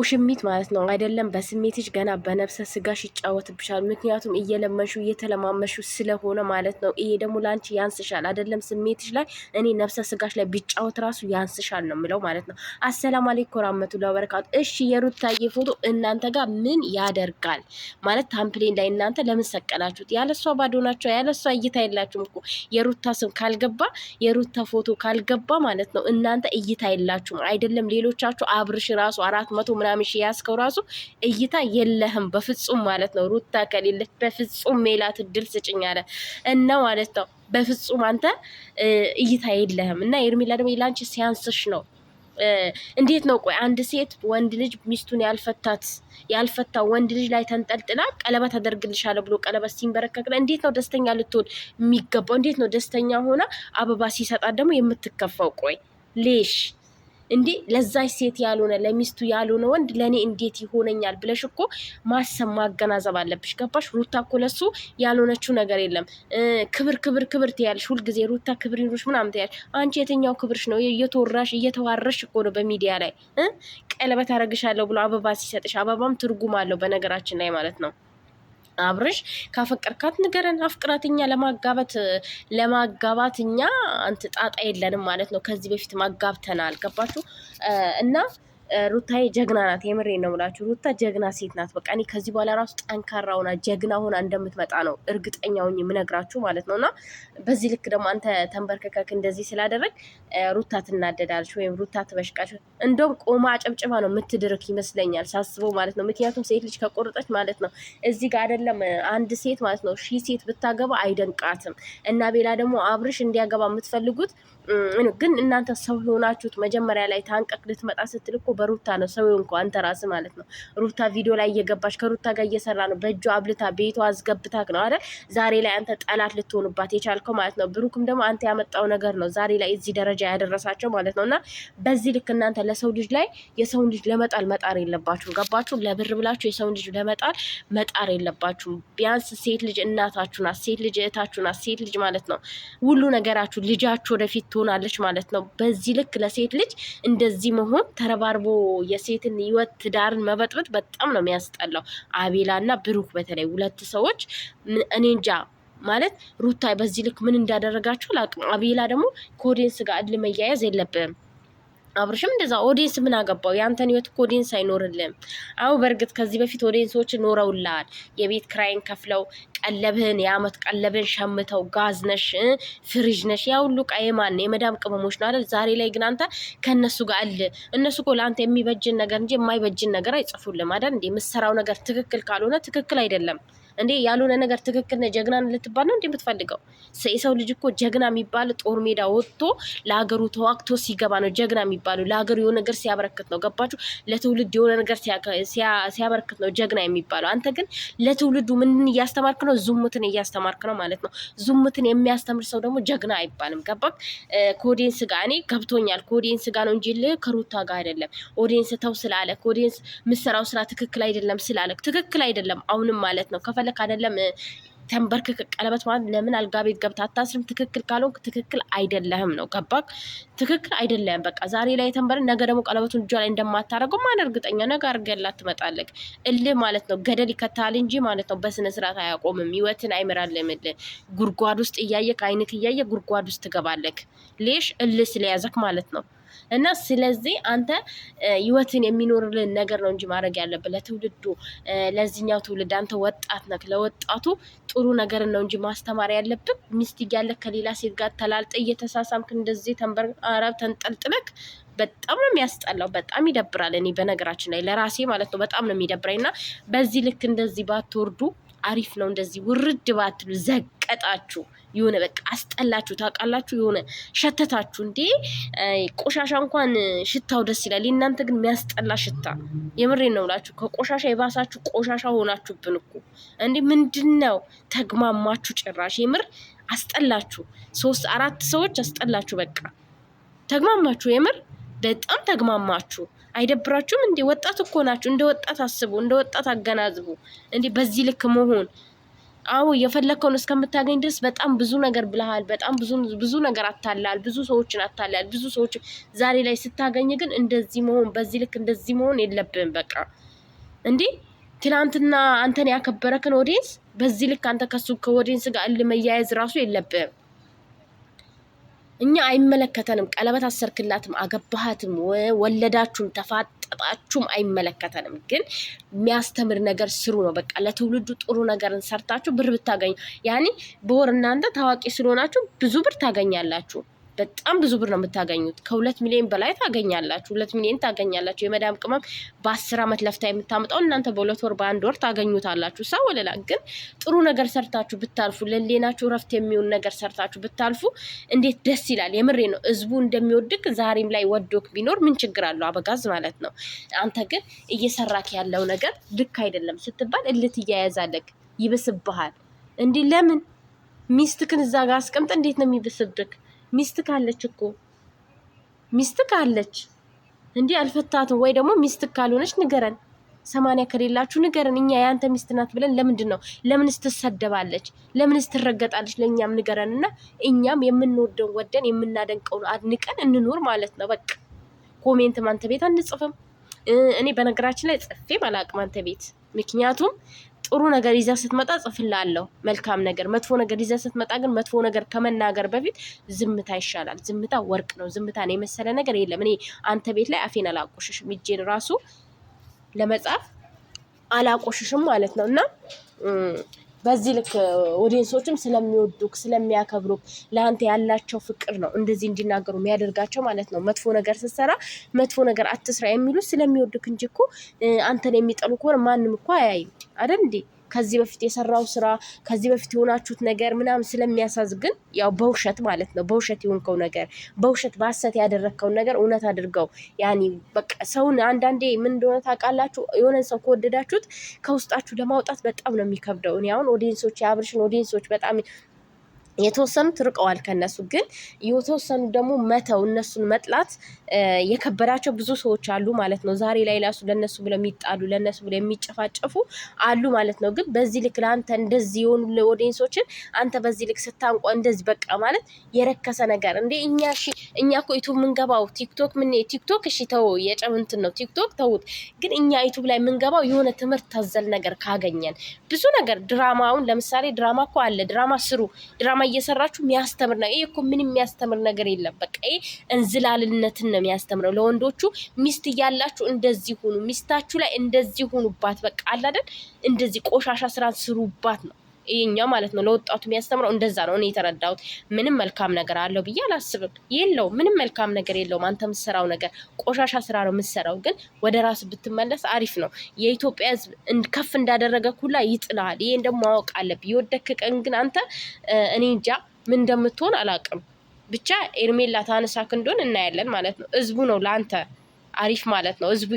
ውሽሚት ማለት ነው አይደለም። በስሜትሽ ገና በነብሰ ስጋሽ ይጫወትብሻል። ምክንያቱም እየለመንሹ እየተለማመሹ ስለሆነ ማለት ነው። ይሄ ደግሞ ለአንቺ ያንስሻል አይደለም። ስሜትሽ ላይ እኔ ነብሰ ስጋሽ ላይ ቢጫወት ራሱ ያንስሻል ነው የምለው ማለት ነው። አሰላም አለይኩም ረመቱላ በረካቱ። እሺ የሩታዬ ፎቶ እናንተ ጋር ምን ያደርጋል ማለት ታምፕሌን ላይ እናንተ ለምን ሰቀላችሁት? ያለሷ ባዶ ናቸው። ያለሷ እይታ የላችሁም እኮ የሩታ ስም ካልገባ የሩታ ፎቶ ካልገባ ማለት ነው እናንተ እይታ የላችሁም አይደለም። ሌሎቻችሁ አብርሽ ራሱ አራት መቶ ምናምን ያስከው ራሱ እይታ የለህም በፍጹም ማለት ነው። ሩታ ከሌለች በፍጹም ሜላት እድል ስጭኝ አለ እና ማለት ነው። በፍጹም አንተ እይታ የለህም እና ኤርሚላ ደግሞ ላንቺ ሲያንስሽ ነው። እንዴት ነው ቆይ አንድ ሴት ወንድ ልጅ ሚስቱን ያልፈታት ያልፈታው ወንድ ልጅ ላይ ተንጠልጥላ ቀለበት አደርግልሻለሁ ብሎ ቀለበት ሲንበረከክ እንዴት ነው ደስተኛ ልትሆን የሚገባው? እንዴት ነው ደስተኛ ሆና አበባ ሲሰጣት ደግሞ የምትከፋው? ቆይ ሌሽ እንዴ ለዛች ሴት ያልሆነ ለሚስቱ ያልሆነ ወንድ ለእኔ እንዴት ይሆነኛል ብለሽ እኮ ማሰብ ማገናዘብ አለብሽ። ገባሽ? ሩታ እኮ ለሱ ያልሆነችው ነገር የለም። ክብር ክብር ክብር ትያለሽ ሁልጊዜ ሩታ ክብር ይኑርሽ ምናምን ትያለሽ። አንቺ የትኛው ክብርሽ ነው? እየተወራሽ እየተዋረሽ እኮ ነው በሚዲያ ላይ ቀለበት አረግሻለሁ ብሎ አበባ ሲሰጥሽ፣ አበባም ትርጉም አለው በነገራችን ላይ ማለት ነው። አብርሽ ካፈቀርካት ንገረን። አፍቅራት እኛ ለማጋባት ለማጋባት እኛ አንት ጣጣ የለንም ማለት ነው። ከዚህ በፊት ማጋብተናል። ገባችሁ እና ሩታዬ ጀግና ናት። የምሬ ነው ምላችሁ። ሩታ ጀግና ሴት ናት። በቃ እኔ ከዚህ በኋላ ራሱ ጠንካራ ሆና ጀግና ሆና እንደምትመጣ ነው እርግጠኛ ሆኜ የምነግራችሁ ማለት ነው። እና በዚህ ልክ ደግሞ አንተ ተንበርከከክ እንደዚህ ስላደረግ ሩታ ትናደዳለች ወይም ሩታ ትበሽቃች። እንደውም ቆማ አጨብጭባ ነው የምትድርክ ይመስለኛል ሳስበው ማለት ነው። ምክንያቱም ሴት ልጅ ከቆረጠች ማለት ነው እዚህ ጋር አይደለም አንድ ሴት ማለት ነው ሺህ ሴት ብታገባ አይደንቃትም። እና ቤላ ደግሞ አብርሽ እንዲያገባ የምትፈልጉት ግን እናንተ ሰው የሆናችሁት መጀመሪያ ላይ ታንቀክ ልትመጣ ስትል እኮ በሩታ ነው ሰው እንኳ አንተ ራስ ማለት ነው። ሩታ ቪዲዮ ላይ እየገባች ከሩታ ጋር እየሰራ ነው በእጇ አብልታ ቤቷ አስገብታክ ነው አይደል? ዛሬ ላይ አንተ ጠላት ልትሆኑባት የቻልከው ማለት ነው። ብሩክም ደግሞ አንተ ያመጣው ነገር ነው ዛሬ ላይ እዚህ ደረጃ ያደረሳቸው ማለት ነው። እና በዚህ ልክ እናንተ ለሰው ልጅ ላይ የሰውን ልጅ ለመጣል መጣር የለባችሁም። ገባችሁ? ለብር ብላችሁ የሰውን ልጅ ለመጣል መጣር የለባችሁም። ቢያንስ ሴት ልጅ እናታችሁ ናት፣ ሴት ልጅ እህታችሁ ናት፣ ሴት ልጅ ማለት ነው ሁሉ ነገራችሁ ልጃችሁ ወደፊት ትሆናለች ማለት ነው። በዚህ ልክ ለሴት ልጅ እንደዚህ መሆን ተረባርቦ የሴትን ህይወት ትዳርን መበጥበጥ በጣም ነው የሚያስጠላው። አቤላና ብሩክ በተለይ ሁለት ሰዎች እኔ እንጃ ማለት ሩታይ በዚህ ልክ ምን እንዳደረጋቸው ላቅም። አቤላ ደግሞ ከኦዲየንስ ጋር እድል መያያዝ የለብንም። አብርሽም እንደዛ ኦዲንስ ምን አገባው? የአንተን ህይወት እኮ ኦዲየንስ አይኖርልም። አዎ በእርግጥ ከዚህ በፊት ኦዲንሶች ኖረውላል። የቤት ክራይን ከፍለው ቀለብህን የአመት ቀለብህን ሸምተው ጋዝ ነሽ ፍሪጅ ነሽ ያ ሁሉ ዕቃ የማን የመዳም ቅመሞች ነው አይደል? ዛሬ ላይ ግን አንተ ከእነሱ ጋር አለ። እነሱ እኮ ለአንተ የሚበጅን ነገር እንጂ የማይበጅን ነገር አይጽፉልም አይደል? እንደ የምትሰራው ነገር ትክክል ካልሆነ ትክክል አይደለም። እንዴ ያልሆነ ነገር ትክክል ነህ ጀግናን ልትባል ነው እንዴ የምትፈልገው? የሰው ልጅ እኮ ጀግና የሚባል ጦር ሜዳ ወጥቶ ለሀገሩ ተዋግቶ ሲገባ ነው ጀግና የሚባለው። ለሀገሩ የሆነ ነገር ሲያበረክት ነው። ገባችሁ? ለትውልድ የሆነ ነገር ሲያበረክት ነው ጀግና የሚባለው። አንተ ግን ለትውልዱ ምንን እያስተማርክ ነው? ዝሙትን እያስተማርክ ነው ማለት ነው። ዝሙትን የሚያስተምር ሰው ደግሞ ጀግና አይባልም። ገባክ? ከኦዲየንስ ጋር እኔ ገብቶኛል። ከኦዲየንስ ጋር ነው እንጂ ከሩታ ጋር አይደለም። ኦዲየንስ ተው ስላለ ኦዲየንስ ምሰራው ስራ ትክክል አይደለም ስላለ ትክክል አይደለም አሁንም ማለት ነው ከፈለክ አይደለም ተንበርክክ ቀለበት ማለት ለምን አልጋ ቤት ገብታ አታስርም? ትክክል ካልሆንክ ትክክል አይደለህም ነው። ገባክ? ትክክል አይደለህም። በቃ ዛሬ ላይ የተንበርን ነገ ደግሞ ቀለበቱን እጇ ላይ እንደማታደርገው ማን እርግጠኛ? ነገ አድርገህላት ትመጣለህ። እልህ ማለት ነው ገደል ይከታል እንጂ ማለት ነው በስነ ስርዓት አያቆምም። ህይወትን አይምራልም። እልህ ጉድጓድ ውስጥ እያየክ አይንክ እያየ ጉድጓድ ውስጥ ትገባለክ። ሌሽ እልህ ስለያዘክ ማለት ነው። እና ስለዚህ አንተ ህይወትን የሚኖርልን ነገር ነው እንጂ ማድረግ ያለብን ለትውልዱ ለዚህኛው ትውልድ አንተ ወጣት ነክ ለወጣቱ ጥሩ ነገርን ነው እንጂ ማስተማር ያለብን። ሚስት እያለክ ከሌላ ሴት ጋር ተላልጠ እየተሳሳምክ እንደዚህ ተንበር አረብ ተንጠልጥለክ በጣም ነው የሚያስጠላው። በጣም ይደብራል። እኔ በነገራችን ላይ ለራሴ ማለት ነው በጣም ነው የሚደብረኝ እና በዚህ ልክ እንደዚህ ባትወርዱ አሪፍ ነው። እንደዚህ ውርድ ባትሉ ዘግ ቀጣችሁ የሆነ በቃ አስጠላችሁ፣ ታውቃላችሁ፣ የሆነ ሸተታችሁ። እንዴ ቆሻሻ እንኳን ሽታው ደስ ይላል፣ እናንተ ግን የሚያስጠላ ሽታ። የምሬን ነው ብላችሁ ከቆሻሻ የባሳችሁ ቆሻሻ ሆናችሁብን እኮ እንዴ! ምንድን ነው ተግማማችሁ? ጭራሽ የምር አስጠላችሁ። ሶስት አራት ሰዎች አስጠላችሁ። በቃ ተግማማችሁ፣ የምር በጣም ተግማማችሁ። አይደብራችሁም እንዴ? ወጣት እኮ ናችሁ። እንደ ወጣት አስቡ፣ እንደ ወጣት አገናዝቡ። እንዴ በዚህ ልክ መሆን አዎ የፈለግከውን እስከምታገኝ ድረስ በጣም ብዙ ነገር ብለሃል። በጣም ብዙ ብዙ ነገር አታላል፣ ብዙ ሰዎችን አታላል፣ ብዙ ሰዎች ዛሬ ላይ ስታገኝ ግን እንደዚህ መሆን በዚህ ልክ እንደዚህ መሆን የለብንም። በቃ እንዴ ትናንትና አንተን ያከበረክን ኦዲንስ በዚህ ልክ አንተ ከሱ ከኦዲየንስ ጋር እልህ መያያዝ ራሱ የለብንም። እኛ አይመለከተንም። ቀለበት አሰርክላትም፣ አገባሃትም፣ ወለዳችሁም፣ ተፋት አይቀጣችሁም፣ አይመለከተንም። ግን የሚያስተምር ነገር ስሩ ነው በቃ። ለትውልዱ ጥሩ ነገርን ሰርታችሁ ብር ብታገኙ ያኔ በወር እናንተ ታዋቂ ስለሆናችሁ ብዙ ብር ታገኛላችሁ። በጣም ብዙ ብር ነው የምታገኙት። ከሁለት ሚሊዮን በላይ ታገኛላችሁ። ሁለት ሚሊዮን ታገኛላችሁ። የመዳም ቅመም በአስር ዓመት ለፍታ የምታምጣው እናንተ በሁለት ወር በአንድ ወር ታገኙታላችሁ። ሳ ወለላ ግን ጥሩ ነገር ሰርታችሁ ብታልፉ፣ ለሌናችሁ እረፍት የሚሆን ነገር ሰርታችሁ ብታልፉ እንዴት ደስ ይላል። የምሬ ነው። ህዝቡ እንደሚወድቅ ዛሬም ላይ ወዶክ ቢኖር ምን ችግር አለው? አበጋዝ ማለት ነው። አንተ ግን እየሰራክ ያለው ነገር ልክ አይደለም ስትባል እልት እያያዛለክ ይብስብሃል። እንዲህ ለምን ሚስትክን እዛ ጋር አስቀምጠ እንዴት ነው የሚብስብክ? ሚስት ካለች እኮ ሚስት ካለች እንዲህ አልፈታትም ወይ ደግሞ ሚስት ካልሆነች ንገረን። ሰማንያ ከሌላችሁ ንገረን። እኛ የአንተ ሚስት ናት ብለን ለምንድን ነው? ለምንስ ትሰደባለች? ለምንስ ትረገጣለች? ለእኛም ንገረን እና እኛም የምንወደን ወደን የምናደንቀውን አድንቀን እንኖር ማለት ነው። በቃ ኮሜንት አንተ ቤት አንጽፍም። እኔ በነገራችን ላይ ጽፌም አላቅም አንተ ቤት ምክንያቱም ጥሩ ነገር ይዘህ ስትመጣ ጽፍላለሁ፣ መልካም ነገር። መጥፎ ነገር ይዘህ ስትመጣ ግን መጥፎ ነገር ከመናገር በፊት ዝምታ ይሻላል። ዝምታ ወርቅ ነው። ነው የመሰለ ነገር የለም። እኔ አንተ ቤት ላይ አፌን አላቆሽሽም፣ እጄን ራሱ ለመጻፍ አላቆሽሽም ማለት ነው እና በዚህ ልክ ኦዲየንሶችም ስለሚወዱክ ስለሚያከብሩክ ለአንተ ያላቸው ፍቅር ነው እንደዚህ እንዲናገሩ የሚያደርጋቸው ማለት ነው። መጥፎ ነገር ስትሰራ መጥፎ ነገር አትስራ የሚሉት ስለሚወዱክ እንጂ እኮ አንተን የሚጠሉ ከሆነ ማንም እኮ አያዩ አይደል እንዴ? ከዚህ በፊት የሰራው ስራ ከዚህ በፊት የሆናችሁት ነገር ምናምን ግን ያው በውሸት ማለት ነው። በውሸት የሆንከው ነገር በውሸት በሀሰት ያደረግከውን ነገር እውነት አድርገው። ያኒ በቃ ሰውን አንዳንዴ ምን እንደሆነ ታውቃላችሁ፣ የሆነን ሰው ከወደዳችሁት ከውስጣችሁ ለማውጣት በጣም ነው የሚከብደው። እኔ አሁን ኦዲየንሶች፣ የአብርሽን ኦዲየንሶች በጣም የተወሰኑት ርቀዋል ከነሱ ግን የተወሰኑ ደግሞ መተው እነሱን መጥላት የከበዳቸው ብዙ ሰዎች አሉ ማለት ነው። ዛሬ ላይ ላሱ ለእነሱ ብለው የሚጣሉ ለእነሱ ብለው የሚጨፋጨፉ አሉ ማለት ነው። ግን በዚህ ልክ ለአንተ እንደዚህ የሆኑ ኦዲየንሶችን አንተ በዚህ ልክ ስታንቋ እንደዚህ በቃ ማለት የረከሰ ነገር እንዴ! እኛ እሺ እኛ እኮ ዩቱብ ምንገባው ቲክቶክ ምን ቲክቶክ እሺ ተው የጨምንትን ነው ቲክቶክ ተውት። ግን እኛ ዩቱብ ላይ ምንገባው የሆነ ትምህርት ታዘል ነገር ካገኘን ብዙ ነገር ድራማውን ለምሳሌ ድራማ እኮ አለ ድራማ ስሩ ድራማ ድራማ እየሰራችሁ የሚያስተምር ነገር ይሄ እኮ ምንም የሚያስተምር ነገር የለም። በቃ እንዝላልነትን ነው የሚያስተምረው። ለወንዶቹ ሚስት እያላችሁ እንደዚህ ሁኑ፣ ሚስታችሁ ላይ እንደዚህ ሁኑባት። በቃ አላደን እንደዚህ ቆሻሻ ስራን ስሩባት ነው ይሄኛው ማለት ነው ለወጣቱ የሚያስተምረው እንደዛ ነው። እኔ የተረዳሁት ምንም መልካም ነገር አለው ብዬ አላስብም። የለው ምንም መልካም ነገር የለውም። አንተ ምሰራው ነገር ቆሻሻ ስራ ነው የምትሰራው፣ ግን ወደ ራስ ብትመለስ አሪፍ ነው። የኢትዮጵያ ሕዝብ ከፍ እንዳደረገ ሁላ ይጥልሃል። ይሄን ደግሞ ማወቅ አለብህ። የወደክ ቀን ግን አንተ እኔ እንጃ ምን እንደምትሆን አላውቅም። ብቻ ኤርሜላ ታነሳክ እንደሆን እናያለን ማለት ነው። ሕዝቡ ነው ለአንተ አሪፍ ማለት ነው። ሕዝቡ